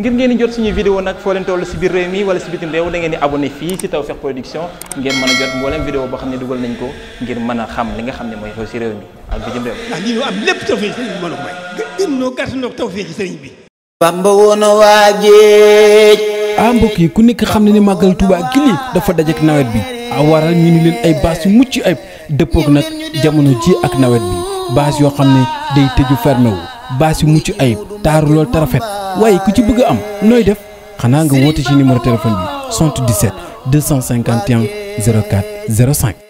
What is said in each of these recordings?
ngir ngeen di jot suñu vidéo nag foo leen toll si biir réew mi wala si bitim réew da ngeen di abonné fii si Tawfekh Production ngeen mën a jot mboolem vidéo boo xam ne dugal nañ ko ngir mën a xam li nga xam ne mooy xew si réew mi ak bitim réew. ndax bi mën a may. gën noo gàtt Bamba woon a waajeej. ah mbokk yi ku nekk xam ne ne màggal Tuubaa gi nii dafa dajek nawet bi a ah, waral ñu ni leen ay baas yu mucc ayib dëppook nag jamono ji ak nawet bi baas yoo xam ne day tëju fermé wu baas yu mucc ayib taaru lool tarafet waaye ku ci bëgg a am nooy def xanaa nga woote ci numéro téléphone bi 77 251 04 05.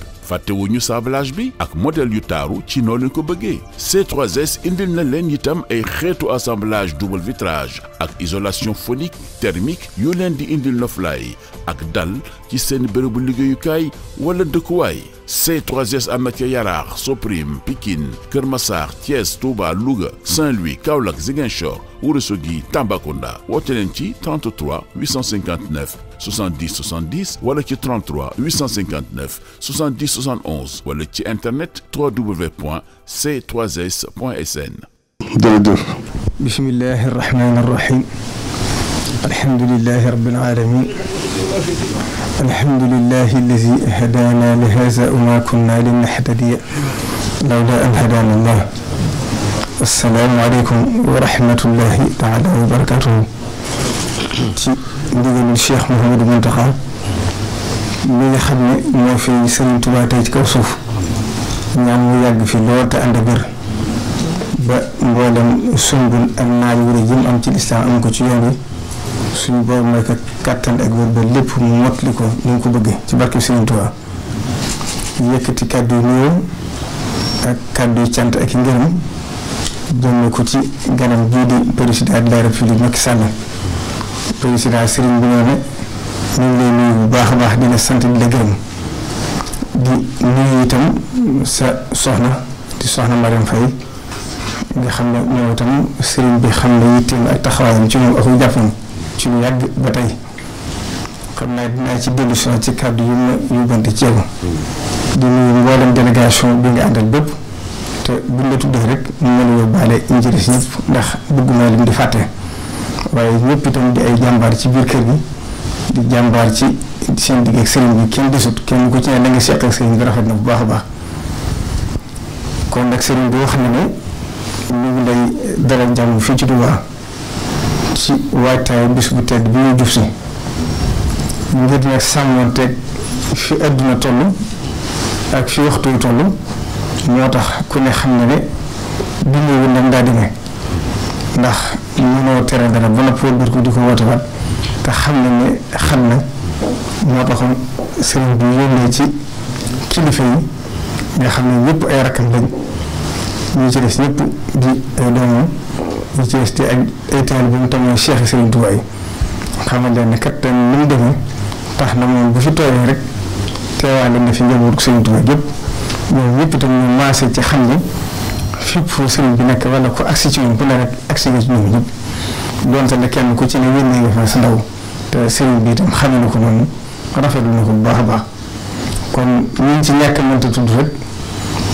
ñu sablage bi ak modèle yu taaru ci noolu noonu ko bëggee c indil na leen itam ay xeetu assemblage double vitrage ak isolation phonique thermique yu leen di indil noflaay ak dal ci seen bërëbu liggéeyukaay wala dëkkuwaay C3S Amathia Yaraax Soprim Pikine Kër Massar Thiès Touba Louga Saint-Louis Kaolack Ziguinchor Ourossogui Tambacounda woote leen ci 33 859 70 70 wala ci 33 859 70 71 wala ci internet www.c3s.sn. jërëjëf. bismillaahi rahmaani rahiim. alhamdulillaahi rabbil aalamiin. الحمد لله الذي هدانا لهذا وما كنا لنهتدي لولا أن هدانا الله السلام عليكم ورحمة الله تعالى وبركاته ci ndigalul Cheikh Mouhamadou Mountakha mi nga xam ne moo fi Sëriñ Tuubaa tey ci kaw suuf ñaan mu yàgg fi lool te ànd bir ba mboolem sumbul ak naaj wu rëy yi mu am ci lislaam am ko ci yoon wi suñu borom may ko kàttan ak wér ba lépp mu mottali ko ni mu ko bëggee ci barke Sëriñ Tuubaa yëkkati kàddu yu nuyoo ak kàddu yu cant ak i ngërëm ko ci ganam bii di président de na ñu ngi baax a sant di la gërëm di nuyu soxna di soxna Mariam nga xam ne moom itam Serigne bi xam ne yitteem ak taxawaayam ci moom ak jàppam ci lu yàgg ba tey xam naa dinaa ci dellu si ci kàddu yu ma yóbbante ci yow di nuyu mboolem délégation bi nga àndal bépp te bu la tuddee rek mu mën a yóbbaale njëriñ ñëpp di fàtte waaye ñëpp tamit di ay jàmbaar ci biir kër gi di jàmbaar ci seen digg ak sëriñ bi kenn desut kenn ku ci ne da nga seq bi rafet na bu baax a baax kon nag sëriñ bi wax na ne ñu ngi lay dalal jàmm fii ci Touba ci waajtaayu bis bu tedd bi ñu jub si ngir nag sàmmanteeg fi àdduna toll ak fi waxtu wi ñoo tax ku ne xam na ne dundee wu ndam daa demee ndax mënoo tere dara ba noppi wër ko di ko woote te xam na ne xam na moo taxoon sëriñ bi yónnee ci kilifa yi nga xam ne ñëpp ay rakkam lañ ñu ci des ñëpp di doomam ñi ci des te ak ay taalibeem tamit Cheikh Serigne Touba yi xamal leen ne kat ren ni mu demee tax na moom bu fi toogee rek teewaale na fi njabootu Serigne Touba yëpp ñoom ñëpp itam ñu ci xam ne fépp fu Serigne bi nekk wala ko agsi ci moom ku ne rek kenn ku ci ne yónnee nga fa sa ndaw te Serigne bi itam xame ko noonu rafetlu na ko bu baax a baax kon ñi ci ñàkk mënta tudd rek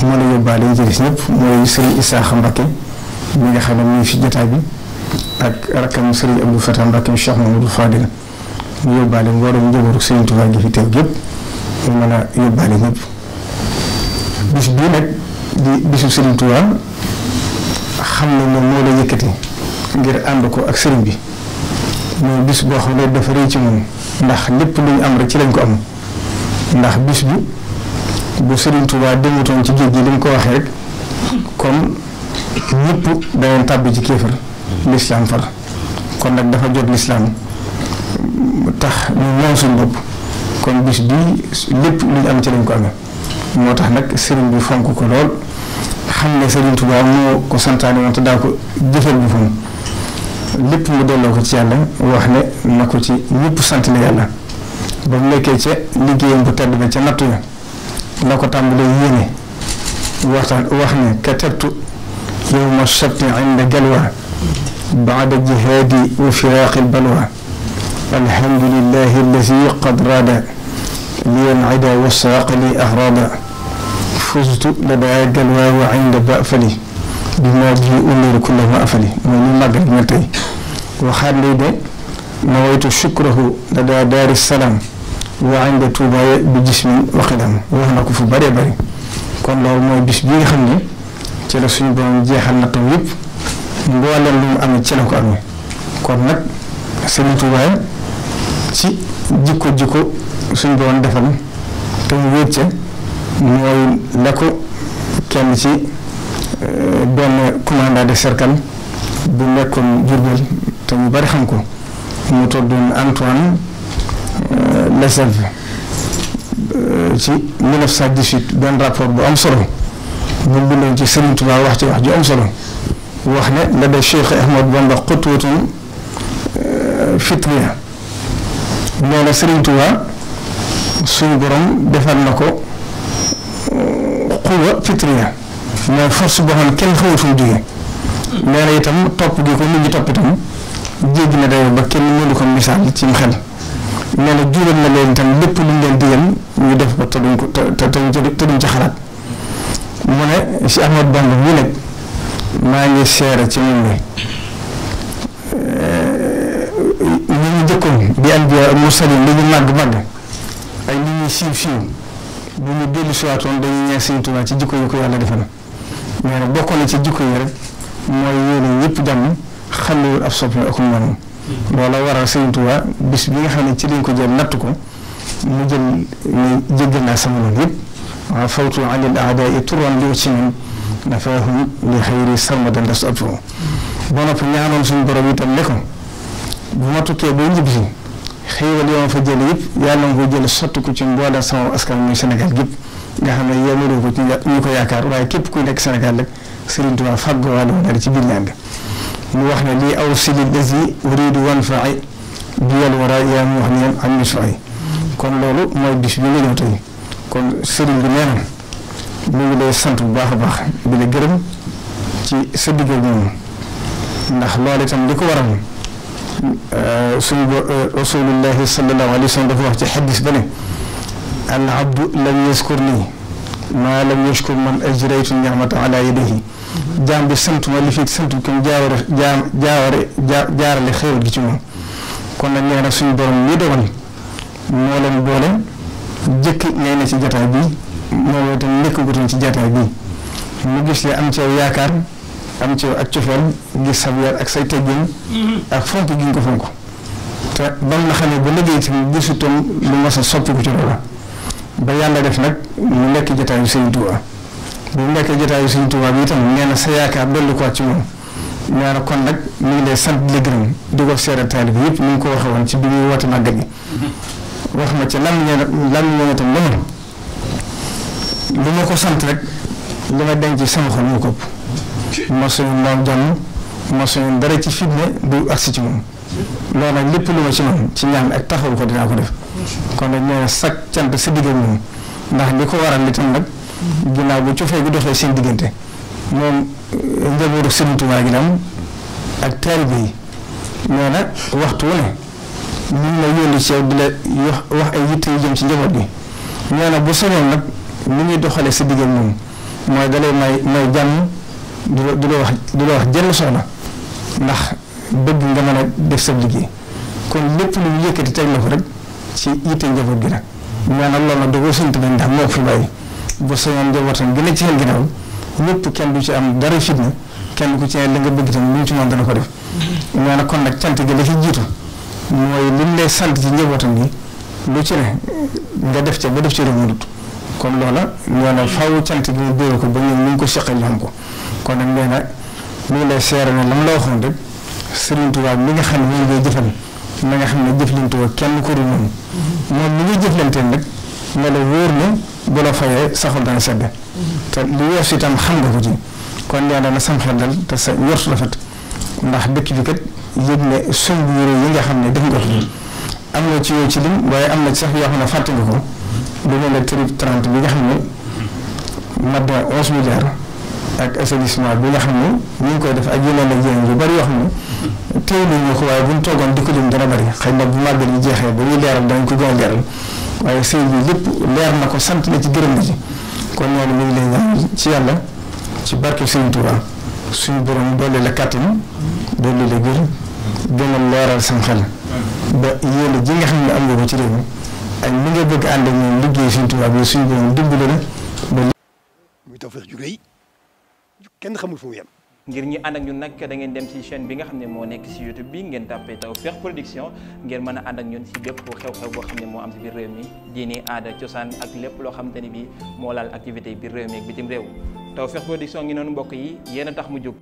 mën a yóbbaale yi ci des ñëpp mooy Serigne Issakha Mbacké mi nga xam ne mu ngi fi jotaay bi ak rakkam Serigne Abdou Fatah rakkam Cheikh yóbbaale mboolem njabootu Serigne Touba gi fi teew yëpp mu mën a yóbbaale ñëpp bis bii nag di bisu Serigne Touba xam ne moom moo la yëkkati ngir ànd ko ak sëriñ bi mooy bis boo xam ne dafa rëy ci moom ndax lépp lu am rek ci lañ ko am ndax bis bi bu Serigne Touba demutoon ci géej gi li ko waxee kon. ñëpp dañu tàbbi ci kéefar lislaam far kon nag dafa jot lislaam tax ñu moom suñu bopp kon bis bii lépp lu am ci lañ ko amee moo tax nag sëriñ bi fonk ko lool xam ne sëriñ Tuubaa moo ko santaane woon te daa ko jëfal bu fam lépp mu delloo ko ci yàlla wax ne na ko ci ñëpp sant la yàlla ba mu nekkee ca liggéeyam bu tedd ba ca nattu ya la ko tàmbalee yéene waxtaan wax ne ka tertu يوم الشرط عند جلوى بعد الجهاد وفراق البلوى الحمد لله الذي قد راد لي العدا وساق لي أهرادا فزت لدى جلوى وعند بأفلي بما جيء كل ما أفلي من المغرب متي وخال لي ده نويت شكره لدى دار السلام وعند توبة بجسم وقدم وهنا كفو بري بري كون لو موي بس بي خمني ci suñ suñu borom jeexal na tam yëpp mboolem lu mu amee ci ko amee kon nag Sëriñ Tuubaa ci jikko jikko suñu borom defal te mu wéet ca mooy la ko kenn ci euh, benn commandant de cercle bu nekkoon Jurbel te mu bari xam ko mu tuddoon Antoine euh, Leserve euh, ci 1918 benn rapport bu am solo. ñu bindoon ci Serigne Touba wax ci wax ju solo wax ne la de Cheikh Ahmad Bamba xutwatun euh, fitriya nee na Serigne Touba suñu borom defal na ko xuwa euh, fitriya mooy force boo xam ne kenn xamul fu mu jógee nee na itam topp gi ko nit ñi topp itam jéggi na dayoo ba kenn mënu ko misaal ci xel nee na jural na leen tam lépp lu ñu leen digal ñu def ko te duñ ko te te duñ ca xalaat. mu ne Cheikh Ahmad Bamba mu nag maa ngi seere ci moom ne eh, ñi mu jëkkoon di am biir mursalin li ñu màgg màgg ak li ñuy siiw siiw bu ñu dellu si waatoon dañuy ñaan ci jikko yi ko yàlla defe na mais nag bokkoon na ci jikko yi rek mooy yéene ñëpp jàmm xamuwul ab soppi ak moom loola waral Sëriñ Tuubaa bis bi nga xam ne ci lañ ko jël natt ko mu jël ne jéggal naa sama noonu yëpp. عفوت عن الأعداء طرا لأتمم نفاهم لخير سرمدا لسأبه ba noppi ñaanoon suñu borom itam ne ko bu ma tukkee boo njëb si xéewal yoo ma fa jële yëpp yàlla nga ko jële sotti ko ci mboolem sama askan muy Sénégal gépp nga xam ne yemaloo ko ci ñu ko yaakaar waaye képp kuy nekk Sénégal rek Serigne Touba fàggoo wàllu dara ci biir ñaan bi mu wax ne lii aw sili lazi uridu wan faay biyal wara mu wax ne am ñu kon loolu mooy bis bi nga ñëw tey kon sëriñ bi nee na ngi lay sant bu baax a baax di gërëm ci sa digg ak ñoom ndax loolu itam li ko waral euh, suñu bo euh, rasulullahi sallallahu alayhi wa sallam dafa wax ci xaddis ba ne al abdu lam yaskur nii maa lam yashkur man ajraytu ni'mata ala yadihi jaam bi sant ma li fi sant bi comme jaaware jaam jaaware jaarale xéewal gi ci moom kon nag nee na suñu borom mi moo leen boole. jëkk ngay ne ci jataay bi moo woote nekkagutoon ci jataay bi mu gis le am ci yaakaar am ci ak cofeel gis sa yar ak say teggin mm-hmm. ak fonk gi nga ko fonk te bam la xamee ba liggéey tamit gisutoon lu mos a soppiku ci loola ba yàlla def nag mu nekk jataayu Sëriñ Tuubaa bu mu nekk jataayu Sëriñ Tuubaa bi itam nee na sa yaakaar dolli ko ci moom nee na kon nag mu ngi lay sant di la gërëm di ko seere taalib yëpp ni mu ko waxee woon ci bi muy woote màggal gi mm-hmm. wax ma ci lan ngeen lan ngeen itam lu ma lu ko sant rek li ma denc sama xol moo ko ëpp ma suñu moom jàmm ma suñu dara ci fitne du agsi ci moom loolu nag lépp lu ma ci man ci ñaan ak taxawu ko dinaa ko def kon nag nee na sag cant sa diggante moom ndax li ko waral itam nag bu cofee gu doxee seen diggante moom euh, njabootu Sëriñ Tuubaa gi dem ak taalibe yi nee na waxtu wu ñu ngi lay yónni ci di la wax ay yitte yu jëm ci njaboot bi nee na bu sonoon nag ni ñuy doxalee sa diggam moom mooy dalay may may jàmm du la du la wax du la wax jënd soxna ndax bëgg nga mën a def sa liggéey kon lépp lu mu yëkkati na ko rek ci yitte njaboot gi nag. nee na loolu nag da koo sant nañ ndax moo fi bàyyi bu sonoon njabootam gën a ci seen ginnaaw lépp kenn du ci am dara fitna kenn ku ci la nga bëgg tam mu mu ci mën dana ko def mm-hmm. nee kon nag cant gi la fi jiitu. mooy lim lay sant ci njabootam bi lu ci ne nga def ca ba def ci rek kon loola nee na faaw cant gi mu béyoo ko ba ñoom ko seqal ko kon nag nee na ñu ngi lay seere ne la mu la waxoon rek Serigne Touba mi nga xam ne moom ngay jëfal na nga xam ne jëflantewoo kenn ku dul moom moom mi ngi jëflanteel nag ne la wóor ne bu fayee saxul dana sedd te li weesu itam xam nga ko ci kon nee na na sam xel dal te sa yor rafet ndax dëkk bi kat. yëg ne suñ bu yore yi nga xam ne def nga ko mm-hmm. am na ci yow ci lim waaye am na ci sax yoo xam ne fàtte nga ko lu mel ne trip 30 bi nga xam ne mat na 11 milliards ak assainissement bi nga xam ne ñu ngi koy def ak yeneen ak yeneen yu bari yoo xam ko waaye bu ñu toogoon di ko lim dana bari xëy na bu màggal yi jeexee ba ñuy leeral dañ ko gën a leeral waaye sëñ bi lépp leer na ko sant la ci gërëm na ci kon noonu ñu ngi lay ñaan ci yàlla ci barke Sëriñ Tuubaa suñu borom dolli la kàttan dolli gën a leeral sam xel ba yéen ji nga xam ne am nga ko ci réew mi ak li nga bëgg ànd ak ñoom liggéey suñu tubaab yi suñu borom dimbali la ba. muy Tawfekh jugee kenn xamul fu mu ngir ñi ànd ak ñun nag da ngeen dem ci chaîne bi nga xam ne moo nekk si YouTube bi ngeen tàppee Tawfekh Production ngeen mën a ànd ak ñun ci bépp xew-xew boo xam ne moo am ci biir réew mi diini aada cosaan ak lépp loo xamante ni bi moo laal activité biir réew mi ak bitim réew Tawfekh Production ngi noonu mbokk yi yéen tax mu jóg.